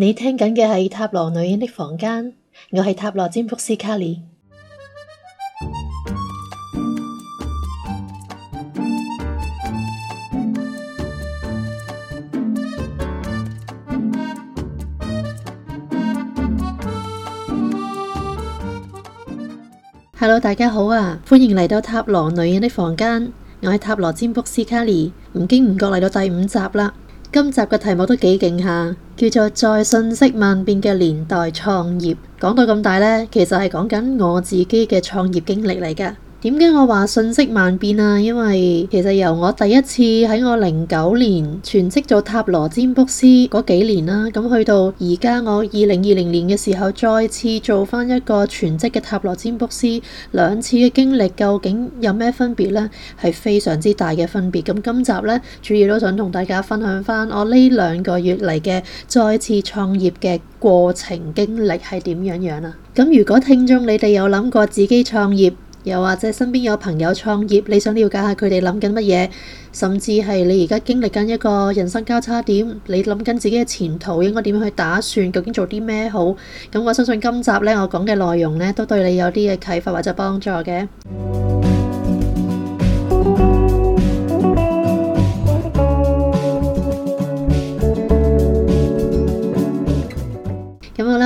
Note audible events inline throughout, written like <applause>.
你聽緊嘅係塔羅女人的房間，我係塔羅占卜師卡莉。Hello，大家好啊，歡迎嚟到塔羅女人的房間，我係塔羅占卜師卡莉。唔經唔覺嚟到第五集啦。今集嘅題目都幾勁下，叫做在信息萬變嘅年代創業。講到咁大咧，其實係講緊我自己嘅創業經歷嚟㗎。點解我話信息萬變啊？因為其實由我第一次喺我零九年全職做塔羅占卜師嗰幾年啦，咁去到而家我二零二零年嘅時候，再次做翻一個全職嘅塔羅占卜師，兩次嘅經歷究竟有咩分別呢？係非常之大嘅分別。咁今集呢，主要都想同大家分享翻我呢兩個月嚟嘅再次創業嘅過程經歷係點樣樣呀。咁如果聽眾你哋有諗過自己創業，又或者身邊有朋友創業，你想了解下佢哋諗緊乜嘢，甚至係你而家經歷緊一個人生交叉點，你諗緊自己嘅前途應該點樣去打算，究竟做啲咩好？咁我相信今集呢，我講嘅內容呢，都對你有啲嘅啟發或者幫助嘅。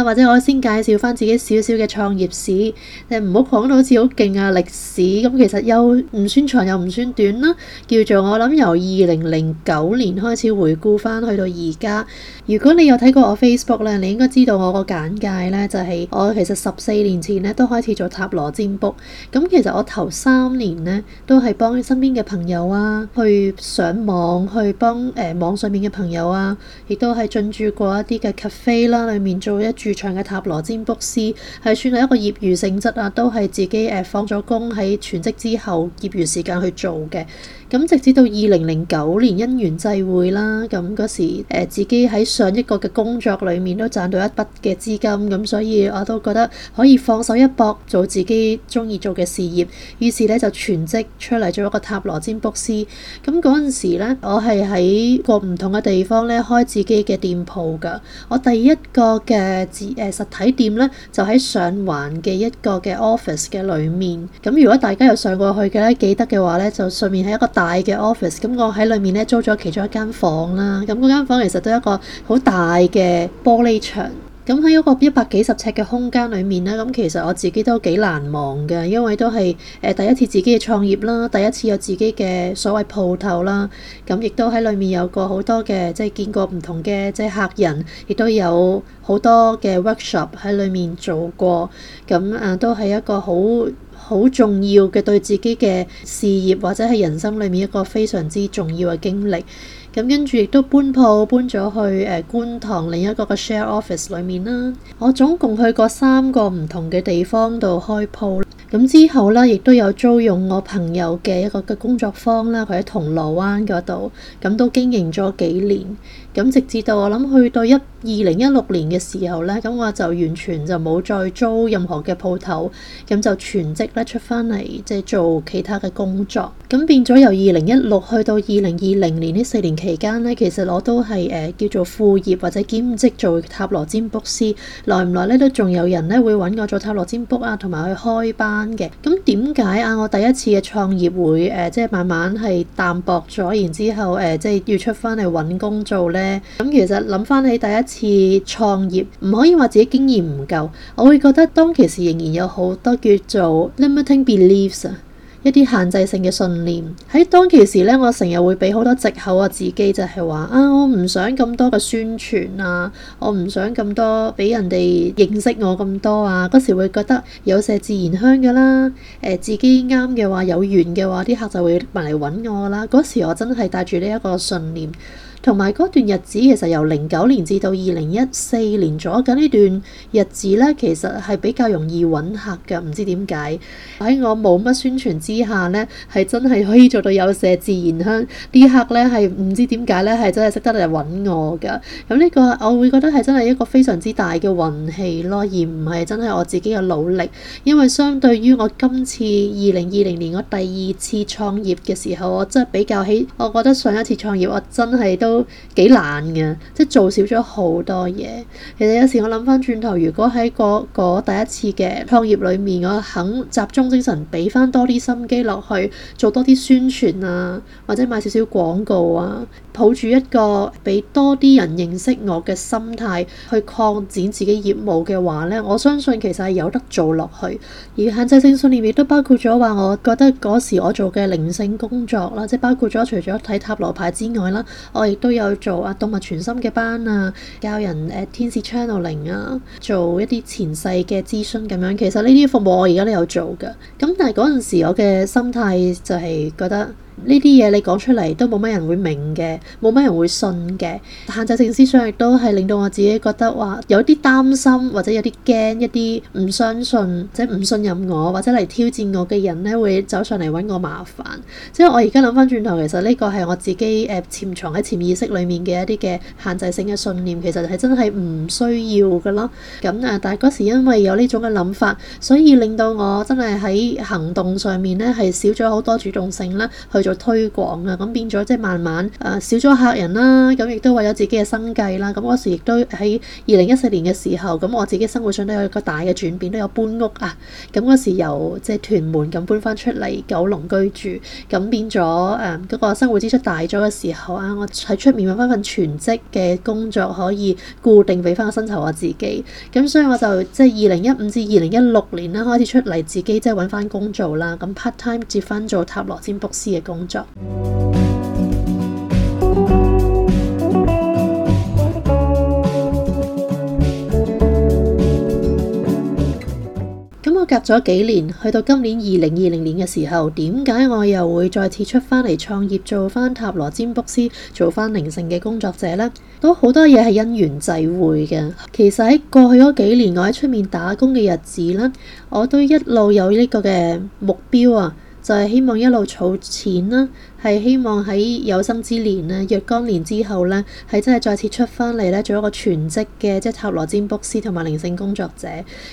或者我先介紹翻自己少少嘅創業史，誒唔好講到好似好勁啊歷史咁，其實又唔算長又唔算短啦，叫做我諗由二零零九年開始回顧翻去到而家。如果你有睇過我 Facebook 咧，你應該知道我個簡介呢、就是，就係我其實十四年前呢都開始做塔羅占卜，咁其實我頭三年呢都係幫身邊嘅朋友啊去上網去幫誒網上面嘅朋友啊，亦都係進駐過一啲嘅 cafe 啦，裡面，做一轉。唱嘅塔羅占卜師係算係一個業餘性質啊，都係自己誒放咗工喺全職之後業餘時間去做嘅。咁直至到二零零九年姻緣際會啦，咁嗰時自己喺上一個嘅工作裏面都賺到一筆嘅資金，咁所以我都覺得可以放手一搏，做自己中意做嘅事業。於是咧就全職出嚟做一個塔羅占卜師。咁嗰陣時咧，我係喺個唔同嘅地方咧開自己嘅店鋪㗎。我第一個嘅自誒實體店咧就喺上環嘅一個嘅 office 嘅裏面。咁如果大家有上過去嘅咧，記得嘅話咧，就順便喺一個大大嘅 office，咁我喺裏面咧租咗其中一間房啦。咁嗰間房其實都一個好大嘅玻璃牆。咁喺嗰個一百幾十尺嘅空間裏面咧，咁其實我自己都幾難忘嘅，因為都係誒第一次自己嘅創業啦，第一次有自己嘅所謂鋪頭啦。咁亦都喺裏面有過好多嘅，即係見過唔同嘅即係客人，亦都有好多嘅 workshop 喺裏面做過。咁啊，都係一個好，好重要嘅，對自己嘅事業或者係人生裏面一個非常之重要嘅經歷。咁跟住亦都搬鋪，搬咗去誒觀塘另一個嘅 share office 裏面啦。我總共去過三個唔同嘅地方度開鋪。咁之後呢，亦都有租用我朋友嘅一個嘅工作坊啦。佢喺銅鑼灣嗰度，咁都經營咗幾年。咁直至到我諗去到一二零一六年嘅時候咧，咁我就完全就冇再租任何嘅鋪頭，咁就全職咧出翻嚟，即係做其他嘅工作。咁變咗由二零一六去到二零二零年呢四年期間咧，其實我都係誒、呃、叫做副業或者兼職做塔羅占卜師。耐唔耐咧都仲有人咧會揾我做塔羅占卜啊，同埋去開班嘅。咁點解啊？我第一次嘅創業會誒、呃、即係慢慢係淡薄咗，然之後誒、呃、即係要出翻嚟揾工做咧？咁，其實諗翻起第一次創業，唔可以話自己經驗唔夠。我會覺得當其時仍然有好多叫做 limiting beliefs 啊，一啲限制性嘅信念喺當其時呢，我成日會俾好多藉口啊，自己就係話啊，我唔想咁多嘅宣傳啊，我唔想咁多俾人哋認識我咁多啊。嗰時會覺得有麝自然香㗎啦，誒，自己啱嘅話有緣嘅話，啲客就會埋嚟揾我啦。嗰時我真係帶住呢一個信念。同埋嗰段日子，其實由零九年至到二零一四年左右呢段日子咧，其實係比較容易揾客嘅。唔知點解喺我冇乜宣傳之下咧，係真係可以做到有些自然香，啲客咧係唔知點解咧，係真係識得嚟揾我噶。咁呢個我會覺得係真係一個非常之大嘅運氣咯，而唔係真係我自己嘅努力。因為相對於我今次二零二零年我第二次創業嘅時候，我真係比較起，我覺得上一次創業我真係都。都幾難嘅，即係做少咗好多嘢。其實有時我諗翻轉頭，如果喺嗰個第一次嘅創業裏面，我肯集中精神，俾翻多啲心機落去，做多啲宣傳啊，或者買少少廣告啊，抱住一個俾多啲人認識我嘅心態去擴展自己業務嘅話咧，我相信其實，係有得做落去。而限制性信念亦都包括咗話，我覺得嗰時我做嘅靈性工作啦，即係包括咗除咗睇塔羅牌之外啦，我亦～都有做啊，動物傳心嘅班啊，教人誒天使 channeling 啊，做一啲前世嘅諮詢咁、啊、樣。其實呢啲服務我而家都有做噶，咁但係嗰陣時我嘅心態就係覺得，呢啲嘢你講出嚟都冇乜人會明嘅，冇乜人會信嘅。限制性思想亦都係令到我自己覺得話有啲擔心或者有啲驚，一啲唔相信即係唔信任我或者嚟挑戰我嘅人呢，會走上嚟揾我麻煩。即係我而家諗翻轉頭，其實呢個係我自己誒潛藏喺潛意識裡面嘅一啲嘅限制性嘅信念，其實係真係唔需要噶囉。咁啊，但係嗰時因為有呢種嘅諗法，所以令到我真係喺行動上面呢，係少咗好多主動性啦，做推廣啊，咁變咗即係慢慢，誒少咗客人啦，咁亦都為咗自己嘅生計啦。咁嗰時亦都喺二零一四年嘅時候，咁我自己生活上都有一個大嘅轉變，都有搬屋啊。咁嗰時由即係屯門咁搬翻出嚟九龍居住，咁變咗誒嗰個生活支出大咗嘅時候啊，我喺出面揾翻份全職嘅工作，可以固定俾翻個薪酬我自己。咁所以我就即係二零一五至二零一六年啦，開始出嚟自己即係揾翻工做啦。咁 part time 接翻做塔羅占卜師嘅工工作，咁我隔咗幾年，去到今年二零二零年嘅時候，點解我又會再次出返嚟創業，做返塔羅占卜師，做返靈性嘅工作者呢？都好多嘢係因緣際會嘅。其實喺過去嗰幾年，我喺出面打工嘅日子呢，我都一路有呢個嘅目標啊。就係希望一路儲錢啦。係希望喺有生之年咧，若干年之後呢係真係再次出翻嚟呢做一個全職嘅即係塔羅占卜師同埋靈性工作者。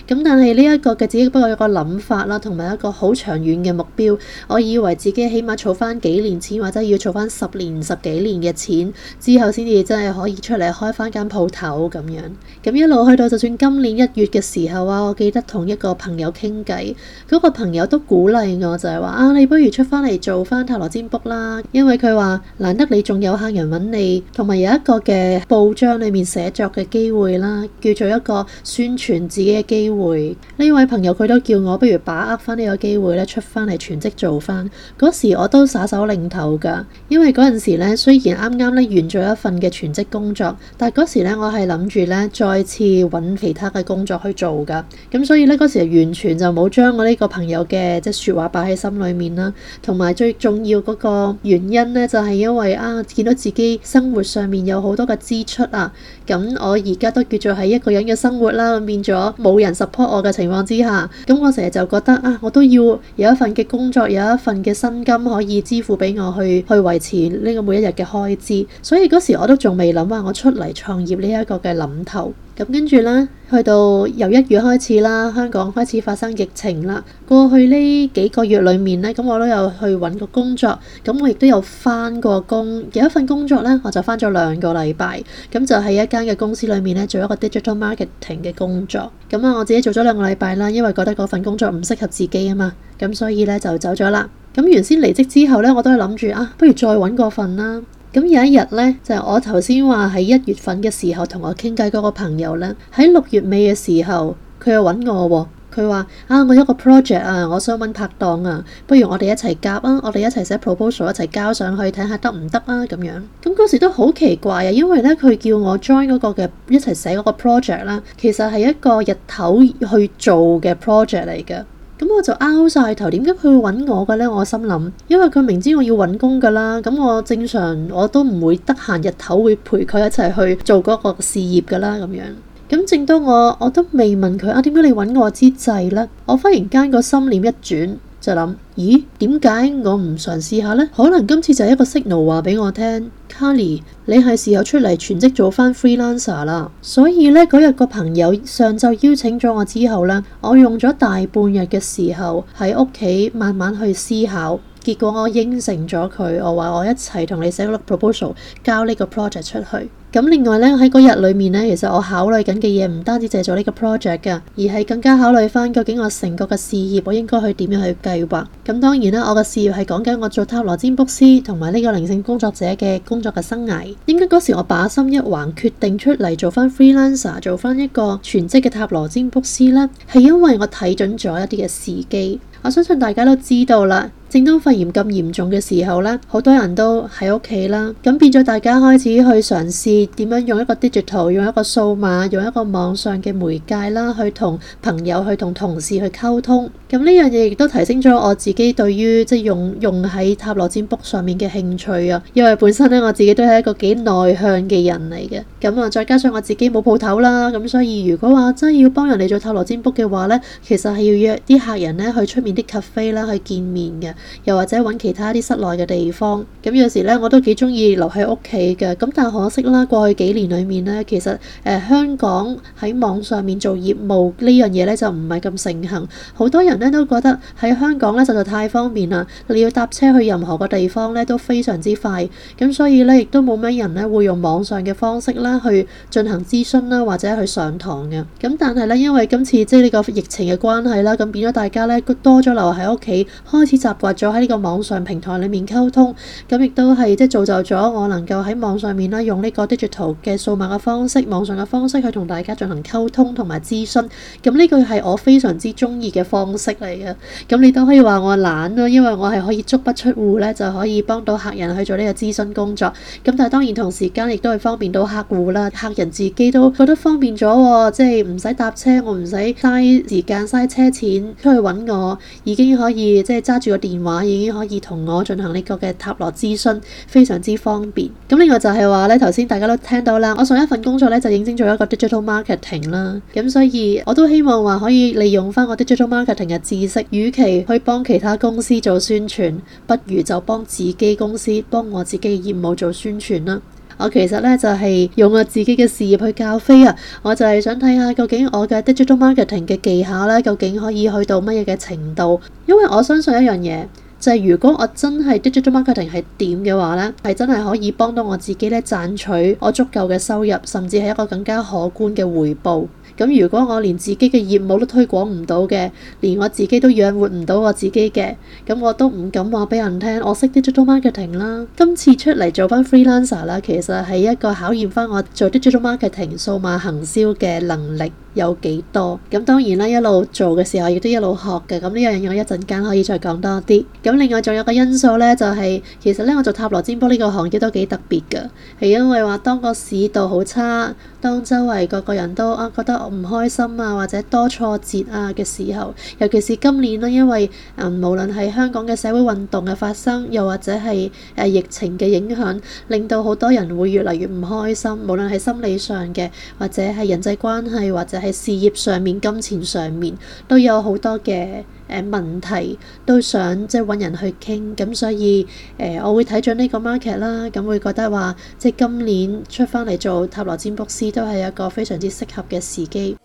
咁但係呢一個嘅自己不過有一個諗法啦，同埋一個好長遠嘅目標。我以為自己起碼儲翻幾年錢，或者要儲翻十年、十幾年嘅錢之後，先至真係可以出嚟開翻間鋪頭咁樣。咁一路去到就算今年一月嘅時候啊，我記得同一個朋友傾偈，嗰、那個朋友都鼓勵我就係、是、話啊，你不如出翻嚟做翻塔羅占卜啦。因為佢話難得你仲有客人揾你，同埋有一個嘅報章裏面寫作嘅機會啦，叫做一個宣傳自己嘅機會。呢位朋友佢都叫我不如把握翻呢個機會呢，出翻嚟全職做翻。嗰時我都耍手擰頭噶，因為嗰陣時呢雖然啱啱呢完咗一份嘅全職工作，但係嗰時呢，我係諗住呢再次揾其他嘅工作去做噶。咁所以呢，嗰時完全就冇將我呢個朋友嘅即係說話擺喺心裏面啦，同埋最重要嗰個。原因呢，就係因為啊，見到自己生活上面有好多嘅支出啊，咁我而家都叫做係一個人嘅生活啦，變咗冇人 support 我嘅情況之下，咁我成日就覺得啊，我都要有一份嘅工作，有一份嘅薪金可以支付俾我去去維持呢個每一日嘅開支，所以嗰時我都仲未諗啊，我出嚟創業呢一個嘅諗頭。咁跟住咧，去到由一月開始啦，香港開始發生疫情啦。過去呢幾個月裏面呢，咁我都有去揾個工作，咁我亦都有返過工。有一份工作呢，我就返咗兩個禮拜，咁就喺一間嘅公司裏面咧，做一個 digital marketing 嘅工作。咁我自己做咗兩個禮拜啦，因為覺得嗰份工作唔適合自己啊嘛，咁所以咧就走咗啦。咁原先離職之後呢，我都係諗住啊，不如再揾個份啦。咁有一日呢，就是，我頭先話喺一月份嘅時候同我傾偈嗰個朋友呢，喺六月尾嘅時候，佢又搵我，哦，佢話啊，我有一個 project 啊，我想搵拍檔啊，不如我哋一齊夾啊，我哋一齊寫 proposal，一齊交上去睇下得唔得啊？咁樣，咁嗰時都好奇怪啊，因為呢，佢叫我 join 嗰個嘅一齊寫嗰個 project 啦，其實係一個日頭去做嘅 project 嚟嘅。咁我就拗晒頭，點解佢會搵我㗎呢？我心諗，因為佢明知我要搵工㗎啦，咁我正常我都唔會得閒日頭會陪佢一齊去做嗰個事業㗎啦咁樣。咁正當我我都未問佢啊，點解你搵我之際呢，我忽然間個心念一轉，就諗，咦，點解我唔嘗試下呢？可能今次就係一個 signal 話俾我聽。Harry，你係時候出嚟全職做翻 freelancer 啦。所以咧嗰日個朋友上晝邀請咗我之後呢，我用咗大半日嘅時候喺屋企慢慢去思考。結果我應承咗佢，我話我一齊同你寫嗰個 proposal，交呢個 project 出去。咁另外呢，喺嗰日裏面呢，其實我考慮緊嘅嘢唔單止做呢個 project 噶，而係更加考慮返究竟我成個嘅事業，我應該去點樣去計劃。咁當然啦，我嘅事業係講緊我做塔羅占卜師同埋呢個靈性工作者嘅工作嘅生涯。點解嗰時我把心一橫，決定出嚟做返 freelancer，做返一個全職嘅塔羅占卜師咧？係因為我睇準咗一啲嘅時機。我相信大家都知道啦，正當肺炎咁嚴重嘅時候呢，好多人都喺屋企啦，咁變咗大家開始去嘗試。點樣用一個 digital，用一個數碼，用一個網上嘅媒介啦，去同朋友、去同同事去溝通。咁呢樣嘢亦都提升咗我自己對於即係用用喺塔羅占卜上面嘅興趣啊，因為本身咧我自己都係一個幾內向嘅人嚟嘅，咁啊再加上我自己冇鋪頭啦，咁所以如果話真係要幫人哋做塔羅占卜嘅話咧，其實係要約啲客人咧去出面啲 cafe 啦去見面嘅，又或者揾其他啲室內嘅地方。咁有時咧我都幾中意留喺屋企㗎，咁但係可惜啦，過去幾年裡面咧，其實誒、呃、香港喺網上面做業務呢樣嘢咧就唔係咁盛行，好多人。我都覺得喺香港呢實在太方便啦！你要搭車去任何個地方呢都非常之快，咁所以呢，亦都冇咩人呢會用網上嘅方式啦去進行諮詢啦或者去上堂嘅。咁但係呢，因為今次即係呢個疫情嘅關係啦，咁變咗大家呢，多咗留喺屋企，開始習慣咗喺呢個網上平台裡面溝通，咁亦都係即係造就咗我能夠喺網上面啦用呢個 digital 嘅數碼嘅方式、網上嘅方式去同大家進行溝通同埋諮詢。咁呢個係我非常之中意嘅方式。嚟嘅，咁、 <music> 嗯、你都可以話我懶咯，因為我係可以足不出戶咧，就可以幫到客人去做呢個諮詢工作。咁但係當然同時間亦都係方便到客戶啦，客人自己都覺得方便咗喎，即係唔使搭車，我唔使嘥時間嘥車錢出去揾我，已經可以即係揸住個電話，已經可以同我進行呢個嘅塔羅諮詢，非常之方便。咁另外就係話呢，頭先大家都聽到啦，我上一份工作呢就認真做一個 digital marketing 啦，咁所以我都希望話可以利用翻個 digital marketing 嘅。知識，與其去幫其他公司做宣傳，不如就幫自己公司，幫我自己嘅業務做宣傳啦。我其實呢，就係、是、用我自己嘅事業去教飛啊，我就係想睇下究竟我嘅 digital marketing 嘅技巧呢，究竟可以去到乜嘢嘅程度？因為我相信一樣嘢，就係、是、如果我真係 digital marketing 係點嘅話呢，係真係可以幫到我自己呢，賺取我足夠嘅收入，甚至係一個更加可觀嘅回報。咁如果我連自己嘅業務都推廣唔到嘅，連我自己都養活唔到我自己嘅，咁我都唔敢話畀人聽我識啲 digital marketing 啦。今次出嚟做翻 freelancer 啦，其實係一個考驗翻我做啲 digital marketing 數碼行銷嘅能力有幾多。咁當然啦，一路做嘅時候亦都一路學嘅。咁呢樣嘢我一陣間可以再講多啲。咁另外仲有個因素呢，就係、係、其實呢，我做塔羅占卜呢個行業都幾特別嘅，係因為話當個市道好差。當周圍個個人都啊覺得我唔開心啊，或者多挫折啊嘅時候，尤其是今年啦，因為嗯無論係香港嘅社會運動嘅發生，又或者係誒疫情嘅影響，令到好多人會越嚟越唔開心。無論係心理上嘅，或者係人際關係，或者係事業上面、金錢上面，都有好多嘅。誒問題都想即係揾人去傾，咁所以，呃，我會睇咗呢個 market 啦，咁會覺得話即係今年出返嚟做塔羅占卜師都係一個非常之適合嘅時機。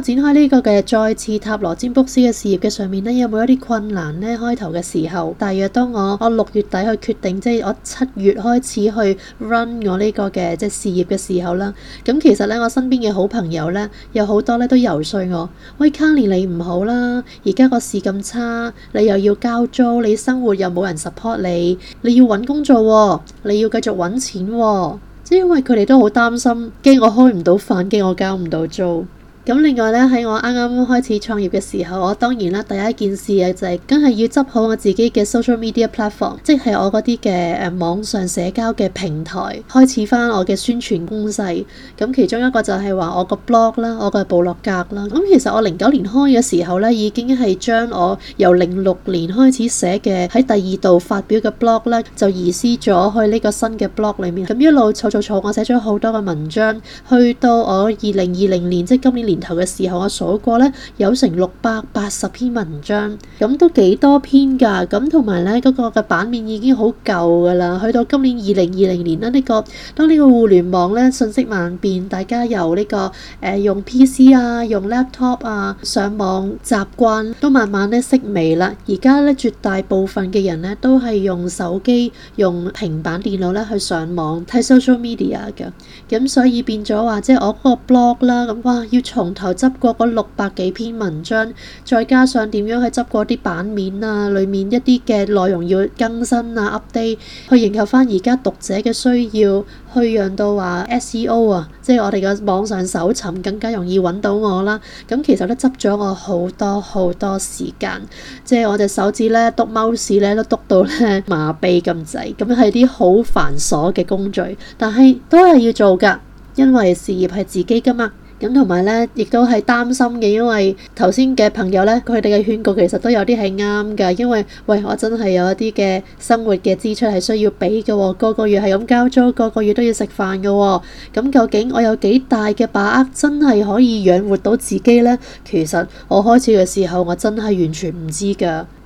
展開呢個嘅再次塔羅占卜師嘅事業嘅上面呢，有冇一啲困難呢？開頭嘅時候，大約當我我六月底去決定，即係我七月開始去 run 我呢個嘅即係事業嘅時候啦。咁其實呢，我身邊嘅好朋友呢，有好多呢都游説我，喂，卡尼，你唔好啦，而家個事咁差，你又要交租，你生活又冇人 support 你，你要揾工做喎，你要繼續揾錢喎。即係因為佢哋都好擔心，驚我開唔到飯，驚我交唔到租。咁另外咧，喺我啱啱開始創業嘅時候，我當然啦，第一件事嘅就係梗係要執好我自己嘅 social media platform，即係我嗰啲嘅誒網上社交嘅平台，開始翻我嘅宣傳攻勢，咁其中一個就係話我個 blog 啦，我個部落格啦。咁其實我零九年開嘅時候咧，已經係將我由零六年開始寫嘅喺第二度發表嘅 blog 咧，就移師咗去呢個新嘅 blog 裏面。咁一路措措措，我寫咗好多嘅文章，去到我二零二零年，即係今年年頭嘅時候，我數過呢有成六百八十篇文章，咁都幾多篇噶。咁同埋呢嗰、那個嘅版面已經好舊噶啦。去到今年二零二零年啦，呢、這個當呢個互聯網呢信息，萬變，大家由呢、這個誒、呃、用 P C 啊，用 laptop 啊上網習慣都慢慢呢式微啦。而家呢絕大部分嘅人呢都係用手機、用平板電腦呢去上網睇 social media 嘅，咁所以變咗話即係我嗰個 blog 啦，咁哇要從頭執過嗰六百幾篇文章，再加上點樣去執過啲版面啊，裡面一啲嘅內容要更新啊、update，去迎合翻而家讀者嘅需要，去讓到話 SEO 啊，即係我哋嘅網上搜尋更加容易揾到我啦。咁其實都執咗我好多好多時間，即係我隻手指咧篤 mouse 咧都篤到咧麻痹咁滯，咁係啲好繁瑣嘅工序，但係都係要做㗎，因為事業係自己㗎嘛。咁同埋咧，亦都係擔心嘅，因為頭先嘅朋友咧，佢哋嘅勸告其實都有啲係啱㗎，因為喂，我真係有一啲嘅生活嘅支出係需要俾嘅喎，個個月係咁交租，個個月都要食飯嘅喎，咁、嗯、究竟我有幾大嘅把握真係可以養活到自己咧？其實我開始嘅時候，我真係完全唔知㗎。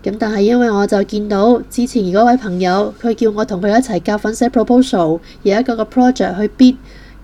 咁、嗯、但係因為我就見到之前嗰位朋友，佢叫我同佢一齊夾份寫 proposal，而一個個 project 去 bid。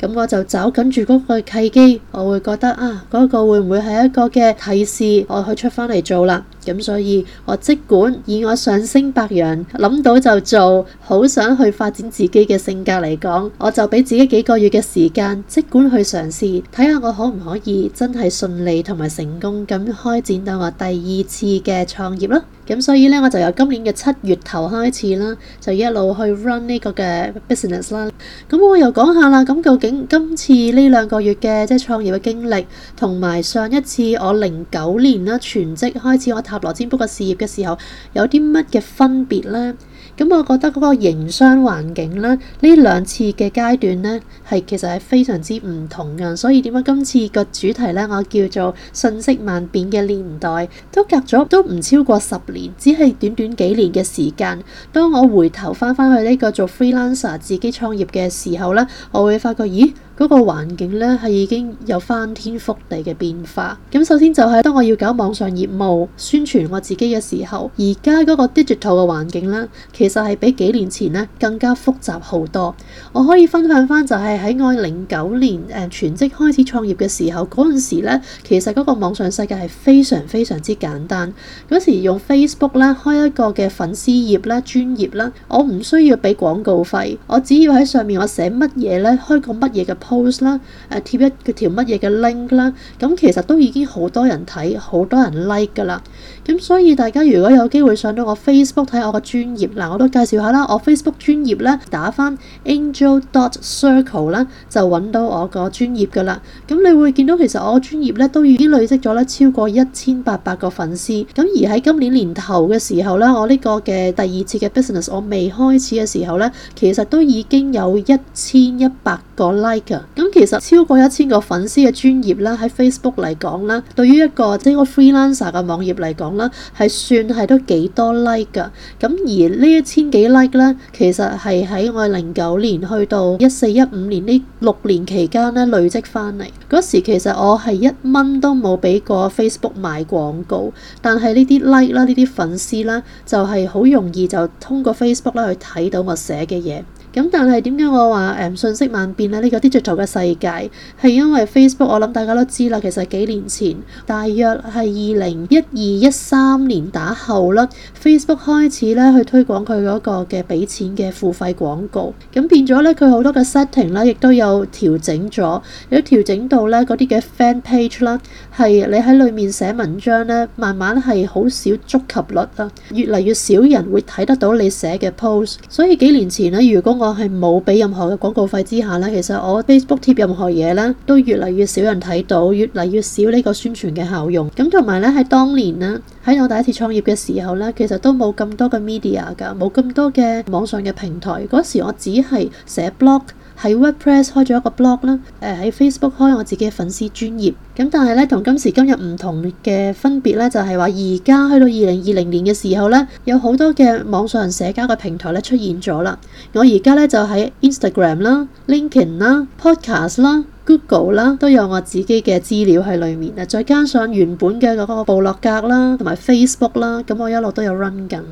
咁我就抓緊住嗰個契機，我會覺得啊，嗰、嗰個會唔會係一個嘅提示，我去出返嚟做啦。咁所以，我即管以我上升白羊，諗到就做，好想去發展自己嘅性格嚟講，我就俾自己幾個月嘅時間，即管去嘗試，睇下我可唔可以真係順利同埋成功咁開展到我第二次嘅創業咯。咁所以呢，我就由今年嘅七月頭開始啦，就一路去 run 呢個嘅 business 啦。咁我又講下啦，咁究竟今次呢兩個月嘅即係創業嘅經歷，同埋上一次我零九年啦全職開始我，合攞，占卜嘅事業嘅時候有啲乜嘅分別呢？咁我覺得嗰個營商環境呢，呢兩次嘅階段呢，係其實係非常之唔同樣。所以點解今次個主題呢，我叫做信息萬變嘅年代，都隔咗都唔超過十年，只係短短幾年嘅時間。當我回頭翻翻去呢個做 freelancer 自己創業嘅時候呢，我會發覺咦？嗰個環境呢，係已經有翻天覆地嘅變化。咁首先就係，當我要搞網上業務宣傳我自己嘅時候，而家嗰個 digital 嘅環境呢，其實係比幾年前呢更加複雜好多。我可以分享翻就係喺我零九年誒全職開始創業嘅時候，嗰陣時呢其實嗰個網上世界係非常非常之簡單。嗰時用 Facebook 呢開一個嘅粉絲頁啦、專頁啦，我唔需要俾廣告費，我只要喺上面我寫乜嘢呢，開個乜嘢嘅 Post 啦，誒貼一條乜嘢嘅 link 啦，咁其實都已經好多人睇，好多人 like 㗎啦。咁所以大家如果有機會上到我 Facebook 睇我個專頁，嗱，我都介紹下啦。我 Facebook 專頁咧打翻 angel dot circle 啦，就揾到我個專頁㗎啦。咁你會見到其實我個專頁咧都已經累積咗咧超過一千八百個粉絲。咁而喺今年年頭嘅時候咧，我呢個嘅第二次嘅 business 我未開始嘅時候咧，其實都已經有一千一百個 like。咁其實超過一千個粉絲嘅專業啦，喺 Facebook 嚟講啦，對於一個即係個 freelancer 嘅網頁嚟講啦，係算係都幾多 like 㗎。咁而呢一千幾 like 咧，其實係喺我零九年去到一四一五年呢六年期間咧累積翻嚟。嗰時其實我係一蚊都冇俾過 Facebook 買廣告，但係、like，呢啲 like 啦，呢啲粉絲啦，就係、是、好容易就通過 Facebook 啦去睇到我寫嘅嘢。咁但係點解我話誒信息萬變呢？呢個 digital 嘅世界係因為 Facebook，我諗大家都知啦。其實幾年前大約係二零一二一三年打後啦 Facebook 開始咧去推廣佢嗰個嘅俾錢嘅付費廣告。咁變咗咧，佢好多嘅 setting 啦，亦都有調整咗，有調整到咧嗰啲嘅 fan page 啦。係你喺裏面寫文章呢，慢慢係好少觸及率啦，越嚟越少人會睇得到你寫嘅 post。所以幾年前呢，如果我係冇俾任何嘅廣告費之下呢，其實我 Facebook 貼任何嘢呢，都越嚟越少人睇到，越嚟越少呢個宣傳嘅效用。咁同埋呢，喺當年呢，喺我第一次創業嘅時候呢，其實都冇咁多嘅 media 㗎，冇咁多嘅網上嘅平台。嗰時我只係寫 blog。喺 WordPress 開咗一個 blog 啦，喺 Facebook 開我自己嘅粉絲專頁，咁但係呢，同今時今日唔同嘅分別呢，就係話而家去到二零二零年嘅時候呢，有好多嘅網上社交嘅平台呢出現咗啦。我而家呢就喺 Instagram 啦、LinkedIn 啦、Podcast 啦、Google 啦都有我自己嘅資料喺裡面。再加上原本嘅嗰個部落格啦同埋 Facebook 啦，咁我一路都有 run 緊。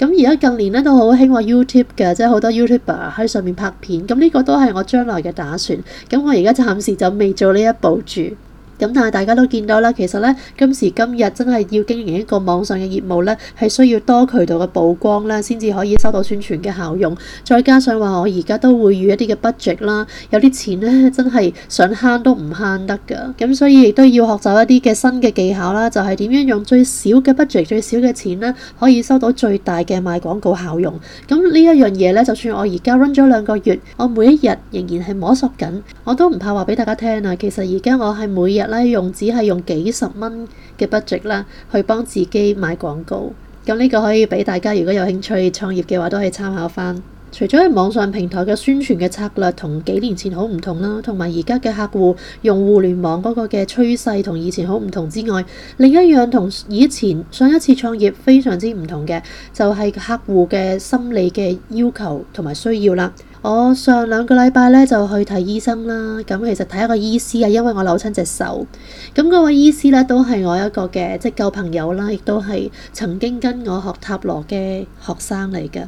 咁而家近年咧都好興話 YouTube 㗎，即係好多 YouTuber 喺上面拍片，咁呢個都係我將來嘅打算。咁我而家暫時就未做呢一步驟。咁但係大家都見到啦，其實咧今時今日真係要經營一個網上嘅業務咧，係需要多渠道嘅曝光啦，先至可以收到宣傳嘅效用。再加上話我而家都會預一啲嘅 budget 啦，有啲錢咧真係想慳都唔慳得㗎。咁所以亦都要學習一啲嘅新嘅技巧啦，就係點樣用最少嘅 budget、最少嘅錢咧，可以收到最大嘅賣廣告效用。咁呢一樣嘢咧，就算我而家 run 咗兩個月，我每一日仍然係摸索緊，我都唔怕話俾大家聽啊。其實而家我係每日，用只係用幾十蚊嘅 budget 啦，去幫自己買廣告。咁呢個可以畀大家，如果有興趣創業嘅話，都可以參考返。除咗喺網上平台嘅宣傳嘅策略同幾年前好唔同啦，同埋而家嘅客戶用互聯網嗰個嘅趨勢同以前好唔同之外，另一樣同以前上一次創業非常之唔同嘅，就係、是、客戶嘅心理嘅要求同埋需要啦。我上兩個禮拜咧就去睇醫生啦，咁其實睇一個醫師啊，因為我扭親隻手，咁嗰位醫師咧都係我一個嘅，即係舊朋友啦，亦都係曾經跟我學塔羅嘅學生嚟嘅。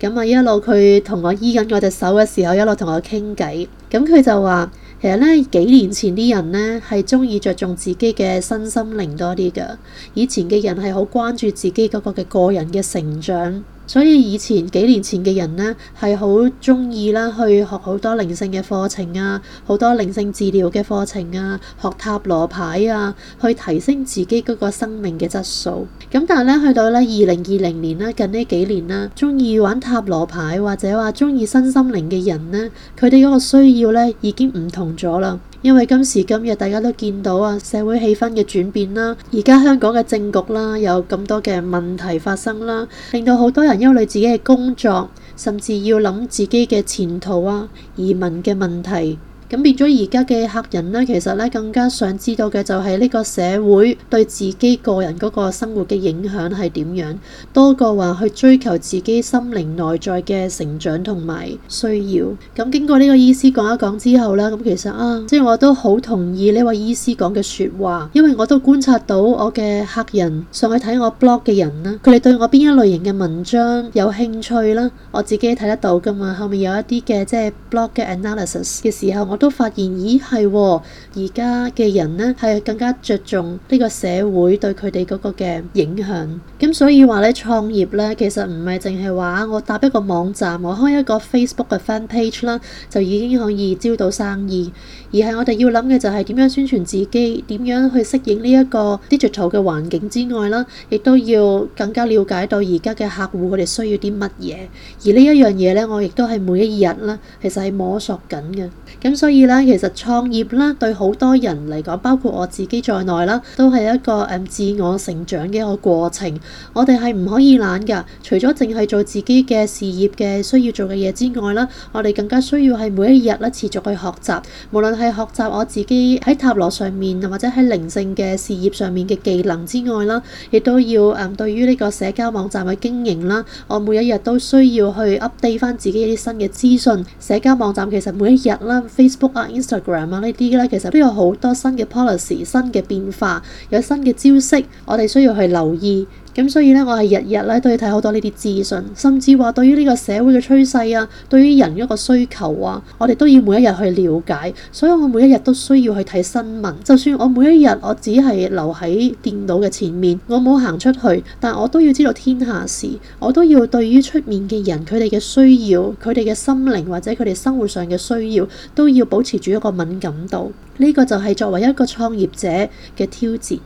咁啊一路佢同我醫緊我隻手嘅時候，一路同我傾偈。咁佢就話：其實咧幾年前啲人咧係中意着重自己嘅身心靈多啲嘅，以前嘅人係好關注自己嗰個嘅個人嘅成長。所以以前幾年前嘅人呢，係好鍾意啦，去學好多靈性嘅課程啊，好多靈性治療嘅課程啊，學塔羅牌啊，去提升自己嗰個生命嘅質素。咁但係呢，去到呢二零二零年啦，近呢幾年啦，鍾意玩塔羅牌或者話鍾意身心靈嘅人呢，佢哋嗰個需要呢已經唔同咗啦。因為今時今日大家都見到啊，社會氣氛嘅轉變啦，而家香港嘅政局啦，有咁多嘅問題發生啦，令到好多人憂慮自己嘅工作，甚至要諗自己嘅前途啊，移民嘅問題。咁變咗而家嘅客人咧，其實咧，更加想知道嘅就係呢個社會對自己個人嗰個生活嘅影響係點樣，多過話去追求自己心靈內在嘅成長同埋需要。咁經過呢個醫師講一講之後咧，咁其實啊，即係我都好同意呢位醫師講嘅說話，因為我都觀察到我嘅客人上去睇我 blog 嘅人啦，佢哋對我邊一類型嘅文章有興趣啦，我自己睇得到噶嘛。後面有一啲嘅即係、就是、blog 嘅 analysis 嘅時候，我都發現，咦係而家嘅人呢，係更加着重呢個社會對佢哋嗰個嘅影響。咁所以話呢，創業呢，其實唔係淨係話我搭一個網站，我開一個 Facebook 嘅 Fan Page 啦，就已經可以招到生意。而係我哋要諗嘅就係點樣宣傳自己，點樣去適應呢一個 digital 嘅環境之外啦，亦都要更加了解到而家嘅客戶佢哋需要啲乜嘢。而呢一樣嘢呢，我亦都係每一日啦，其實係摸索緊嘅。咁所以呢，其實創業啦，對好多人嚟講，包括我自己在內啦，都係一個自我成長嘅一個過程。我哋係唔可以懶㗎，除咗淨係做自己嘅事業嘅需要做嘅嘢之外啦，我哋更加需要係每一日咧持續去學習，無論係，.學習我自己喺塔羅上面，或者喺靈性嘅事業上面嘅技能之外啦，亦都要誒對於呢個社交網站嘅經營啦，我每一日都需要去 update 翻自己一啲新嘅資訊。社交網站其實每一日啦，Facebook 啊、Instagram 啊呢啲咧，其實都有好多新嘅 policy、新嘅變化，有新嘅招式，我哋需要去留意。咁所以咧，我係日日咧都要睇好多呢啲資訊，甚至話對於呢個社會嘅趨勢啊，對於人一個需求啊，我哋都要每一日去了解。所以我每一日都需要去睇新聞，就算我每一日我只係留喺電腦嘅前面，我冇行出去，但我都要知道天下事，我都要對於出面嘅人佢哋嘅需要、佢哋嘅心靈或者佢哋生活上嘅需要，都要保持住一個敏感度。呢個就係作為一個創業者嘅挑戰。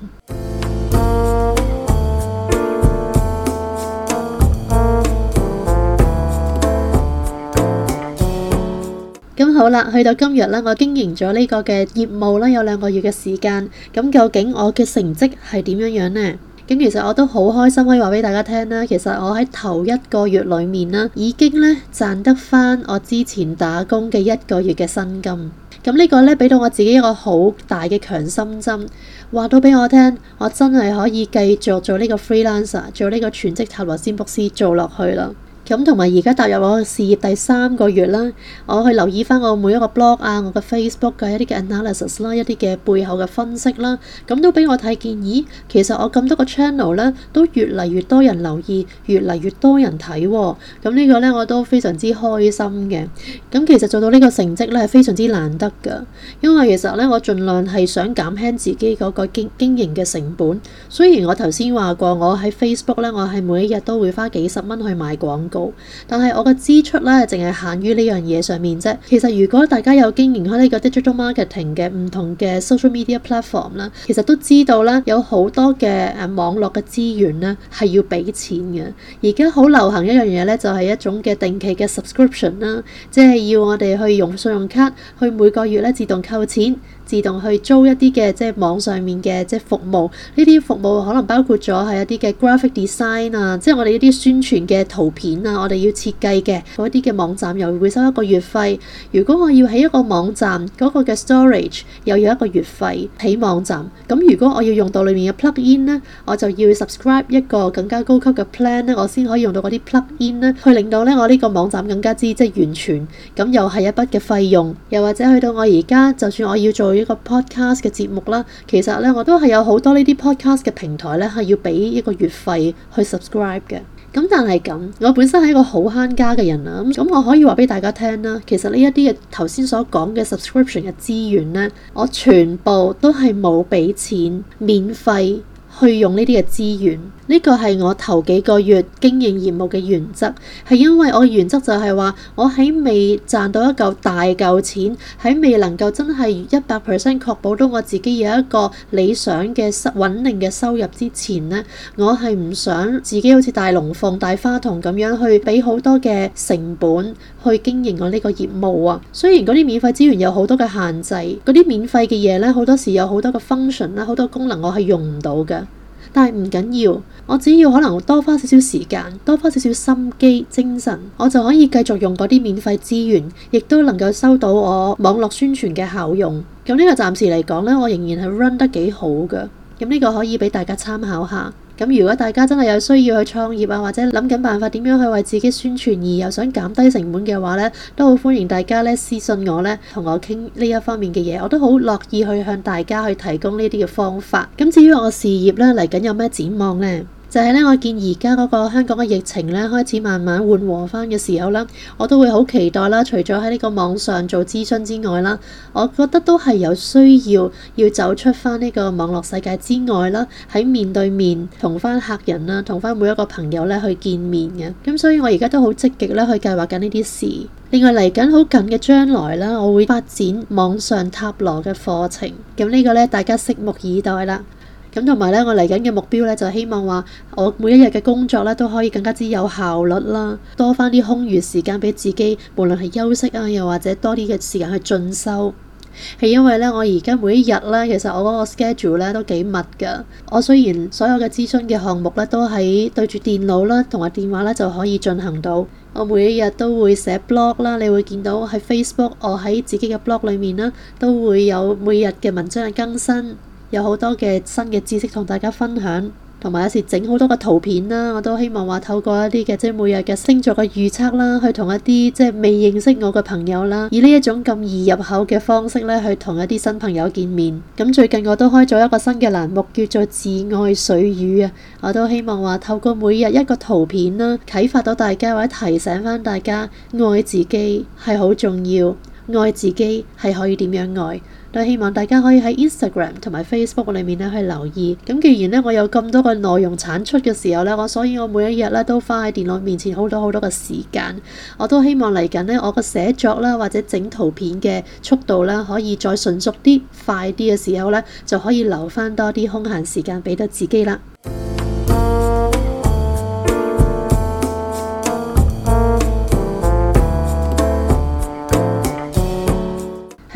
好啦，去到今日啦，我經營咗呢個嘅業務啦，有兩個月嘅時間。咁究竟我嘅成績係點樣樣呢？咁其實我都好開心可以話俾大家聽啦。其實我喺頭一個月裏面啦，已經咧賺得翻我之前打工嘅一個月嘅薪金。咁呢個咧俾到我自己一個好大嘅強心針。話到俾我聽，我真係可以繼續做呢個 freelancer，做呢個全職塔羅占卜師做落去啦。咁同埋而家踏入我嘅事業第三個月啦，我去留意返我每一個 blog 啊，我嘅 Facebook 嘅、啊、一啲嘅 analysis 啦，一啲嘅、啊、背後嘅分析啦、啊，咁都畀我睇建議。其實我咁多個 channel 咧，都越嚟越多人留意，越嚟越多人睇喎、啊。咁呢個咧我都非常之開心嘅。咁其實做到呢個成績咧，係非常之難得㗎。因為其實咧，我盡量係想減輕自己嗰個經經營嘅成本。雖然我頭先話過，我喺 Facebook 咧，我係每一日都會花幾十蚊去買廣告。但係我嘅支出咧，淨係限於呢樣嘢上面啫。其實如果大家有經營開呢個 digital marketing 嘅唔同嘅 social media platform 啦，其實都知道啦，有好多嘅誒網絡嘅資源咧係要俾錢嘅。而家好流行一樣嘢咧，就係一種嘅定期嘅 subscription 啦，即係要我哋去用信用卡去每個月咧自動扣錢。自動去租一啲嘅即係網上面嘅即係服務，呢啲服務可能包括咗係一啲嘅 graphic design 啊，即係我哋一啲宣傳嘅圖片啊，我哋要設計嘅嗰一啲嘅網站又會收一個月費。如果我要喺一個網站嗰個嘅 storage 又有一個月費，喺網站咁，如果我要用到裏面嘅 plug in 呢，我就要 subscribe 一個更加高級嘅 plan 咧，我先可以用到嗰啲 plug in 呢，去令到呢我呢個網站更加之即係完全，咁又係一筆嘅費用。又或者去到我而家，就算我要做。一個 podcast 嘅節目啦，其實咧我都係有好多呢啲 podcast 嘅平台咧，係要俾一個月費去 subscribe 嘅。咁但係咁，我本身係一個好慳家嘅人啦，咁我可以話俾大家聽啦，其實呢一啲嘅頭先所講嘅 subscription 嘅資源咧，我全部都係冇俾錢，免費。去用呢啲嘅資源，呢個係我頭幾個月經營業務嘅原則，係因為我原則就係話，我喺未賺到一嚿大嚿錢，喺未能夠真係一百 percent 確保到我自己有一個理想嘅穩定嘅收入之前呢，我係唔想自己好似大龍鳳大花筒咁樣去俾好多嘅成本。去經營我呢個業務啊！雖然嗰啲免費資源有好多嘅限制，嗰啲免費嘅嘢呢，好多時有好多嘅 function 啦，好多功能我係用唔到嘅。但係唔緊要，我只要可能多花少少時間，多花少少心機、精神，我就可以繼續用嗰啲免費資源，亦都能夠收到我網絡宣傳嘅效用。咁呢個暫時嚟講呢，我仍然係 run 得幾好嘅。咁呢個可以俾大家參考下。咁如果大家真係有需要去創業啊，或者諗緊辦法點樣去為自己宣傳而又想減低成本嘅話咧，都好歡迎大家咧私信我咧，同我傾呢一方面嘅嘢，我都好樂意去向大家去提供呢啲嘅方法。咁至於我事業咧，嚟緊有咩展望咧？就係咧，我見而家嗰個香港嘅疫情咧，開始慢慢緩和翻嘅時候啦，我都會好期待啦。除咗喺呢個網上做諮詢之外啦，我覺得都係有需要要走出翻呢個網絡世界之外啦，喺面對面同翻客人啦、同翻每一個朋友咧去見面嘅。咁所以，我而家都好積極咧去計劃緊呢啲事。另外嚟緊好近嘅將來啦，我會發展網上塔羅嘅課程。咁呢個咧，大家拭目以待啦。咁同埋咧，我嚟緊嘅目標咧，就希望話我每一日嘅工作咧，都可以更加之有效率啦，多翻啲空餘時間俾自己，無論係休息啊，又或者多啲嘅時間去進修。係因為咧，我而家每一日咧，其實我嗰個 schedule 咧都幾密㗎。我雖然所有嘅諮詢嘅項目咧，都喺對住電腦啦，同埋電話咧就可以進行到。我每一日都會寫 blog 啦，你會見到喺 Facebook，我喺自己嘅 blog 裏面咧，都會有每日嘅文章嘅更新。有好多嘅新嘅知識同大家分享，同埋有時整好多個圖片啦，我都希望話透過一啲嘅即係每日嘅星座嘅預測啦，去同一啲即係未認識我嘅朋友啦，以呢一種咁易入口嘅方式咧，去同一啲新朋友見面。咁最近我都開咗一個新嘅欄目，叫做自愛水魚啊！我都希望話透過每日一個圖片啦，啟發到大家或者提醒返大家，愛自己係好重要，愛自己係可以點樣愛。都希望大家可以喺 Instagram 同埋 Facebook 裏面呢去留意。咁既然呢，我有咁多個內容產出嘅時候呢，我所以我每一日呢都花喺電腦面前好多好多嘅時間。我都希望嚟緊呢，我個寫作啦或者整圖片嘅速度呢可以再迅速啲、快啲嘅時候呢，就可以留翻多啲空閒時間畀到自己啦。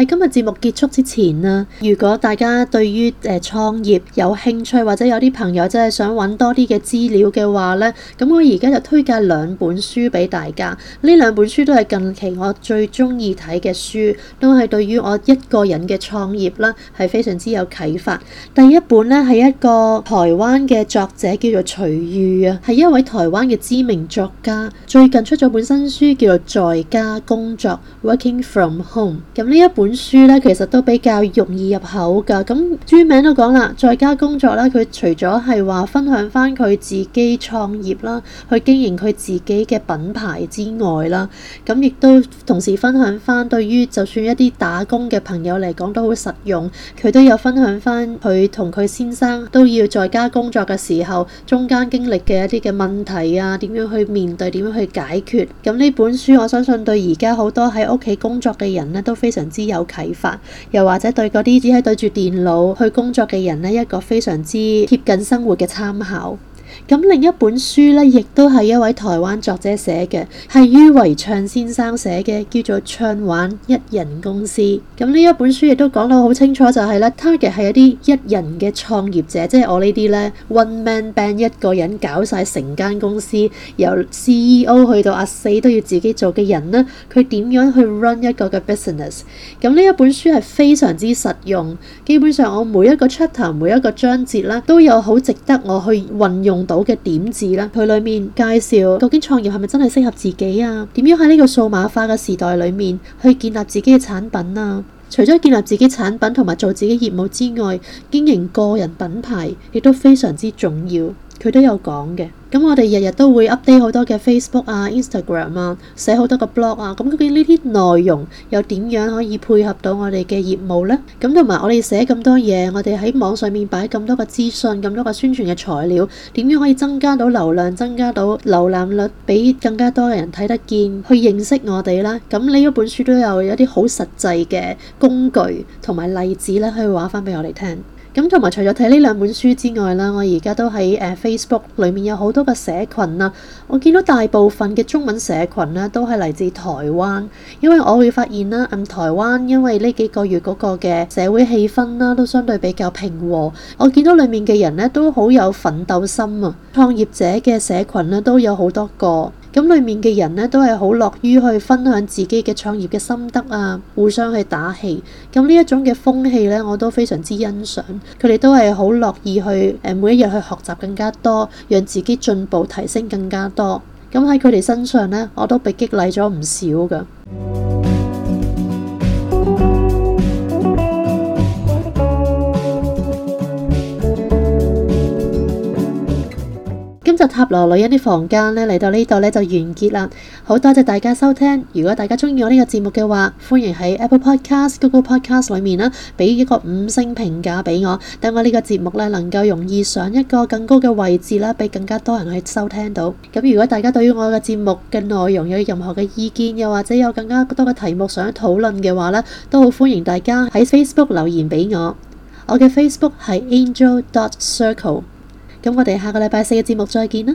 喺今日節目結束之前啊，如果大家對於誒創業有興趣，或者有啲朋友真係想揾多啲嘅資料嘅話咧，咁我而家就推介兩本書俾大家。呢兩本書都係近期我最中意睇嘅書，都係對於我一個人嘅創業啦係非常之有啟發。第一本呢係一個台灣嘅作者叫做徐譽啊，係一位台灣嘅知名作家，最近出咗本新書叫做在家工作 （Working from Home）。咁呢一本書呢其實都比較容易入口㗎。咁書名都講啦，在家工作啦。佢除咗係話分享翻佢自己創業啦，去經營佢自己嘅品牌之外啦，咁亦都同時分享翻對於就算一啲打工嘅朋友嚟講都好實用。佢都有分享翻佢同佢先生都要在家工作嘅時候，中間經歷嘅一啲嘅問題啊，點樣去面對，點樣去解決。咁呢本書我相信對而家好多喺屋企工作嘅人呢都非常之有益。有啟發，又或者對嗰啲只係對住電腦去工作嘅人咧，一個非常之貼近生活嘅參考。咁另一本書咧，亦都係一位台灣作者寫嘅，係于維暢先生寫嘅，叫做《暢玩一人公司》。咁呢一本書亦都講到好清楚，就是，就係咧，target 係一啲一人嘅創業者，即係我呢啲咧，one man band 一個人搞晒成間公司，由 CEO 去到阿、啊、四都要自己做嘅人咧，佢點樣去 run 一個嘅 business？咁呢一本書係非常之實用，基本上我每一個出頭每一個章節啦都有好值得我去運用到。到嘅點字啦，佢裏面介紹究竟創業係咪真係適合自己啊？點樣喺呢個數碼化嘅時代裏面去建立自己嘅產品啊？除咗建立自己產品同埋做自己業務之外，經營個人品牌亦都非常之重要。佢都有講嘅，咁我哋日日都會 update 好多嘅 Facebook 啊、Instagram 啊，寫好多個 blog 啊，咁究竟呢啲內容又點樣可以配合到我哋嘅業務呢？咁同埋我哋寫咁多嘢，我哋喺網上面擺咁多個資訊、咁多個宣傳嘅材料，點樣可以增加到流量、增加到瀏覽率，俾更加多嘅人睇得見，去認識我哋啦？咁呢一本書都有一啲好實際嘅工具同埋例子咧，可以話返俾我哋聽。咁同埋除咗睇呢兩本書之外啦，我而家都喺 Facebook 裡面有好多個社群啦。我見到大部分嘅中文社群咧，都係嚟自台灣，因為我會發現啦，嗯，台灣因為呢幾個月嗰個嘅社會氣氛啦，都相對比較平和。我見到裡面嘅人咧，都好有奮鬥心啊！創業者嘅社群咧，都有好多個。咁裡面嘅人呢，都係好樂於去分享自己嘅創業嘅心得啊，互相去打氣。咁呢一種嘅風氣呢，我都非常之欣賞。佢哋都係好樂意去每一日去學習更加多，讓自己進步提升更加多。咁喺佢哋身上呢，我都被激勵咗唔少㗎。塔羅女人啲房間咧，嚟到呢度咧就完結啦。好多謝大家收聽。如果大家鍾意我呢個節目嘅話，歡迎喺 Apple Podcast、Google Podcast 裏面啦，俾一個五星評價俾我，等我呢個節目咧能夠容易上一個更高嘅位置啦，俾更加多人去收聽到。咁如果大家對於我嘅節目嘅內容有任何嘅意見，又或者有更加多嘅題目想討論嘅話咧，都好歡迎大家喺 Facebook 留言俾我。我嘅 Facebook 係 Angel Dot Circle。咁我哋下個禮拜四嘅節目再見啦。